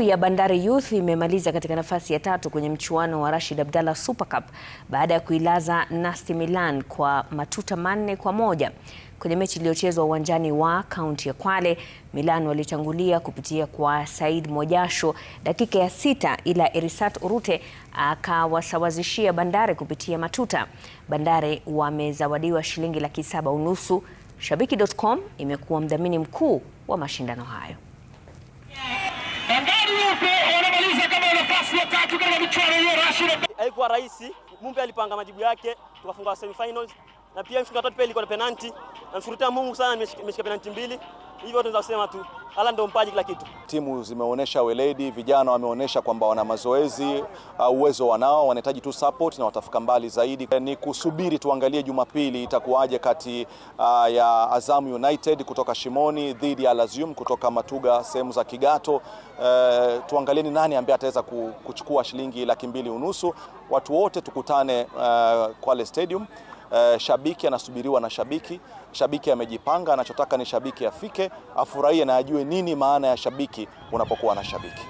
ya Bandari Youth imemaliza katika nafasi ya tatu kwenye mchuano wa Rashid Abdalla Super Cup baada ya kuilaza Nasty Milan kwa matuta manne kwa moja. Kwenye mechi iliyochezwa uwanjani wa kaunti ya Kwale, Milan walitangulia kupitia kwa Said Mojasho dakika ya sita, ila Erisat urute akawasawazishia Bandari kupitia matuta. Bandari wamezawadiwa shilingi laki saba unusu. Shabiki.com imekuwa mdhamini mkuu wa mashindano hayo. Haikuwa rahisi, Mumbe alipanga majibu yake, tukafunga semi finals na pia mshikwa tatu pia ilikuwa na penalti, na mshukuru Mungu sana nimeshika penalti mbili. Hivyo tunaweza kusema tu ala ndio mpaji kila kitu. Timu zimeonyesha weledi, vijana wameonyesha kwamba wana mazoezi, uh, uwezo wanao, wanahitaji tu support na watafika mbali zaidi. Eh, ni kusubiri tuangalie Jumapili itakuwaje kati uh, ya Azam United kutoka Shimoni dhidi ya Lazium kutoka Matuga sehemu za Kigato. Uh, tuangalie ni nani ambaye ataweza kuchukua shilingi laki mbili unusu. Watu wote tukutane uh, Kwale Stadium eh, shabiki anasubiriwa na shabiki. Shabiki amejipanga, anachotaka ni shabiki afike, afurahie na ajue nini maana ya shabiki unapokuwa na shabiki.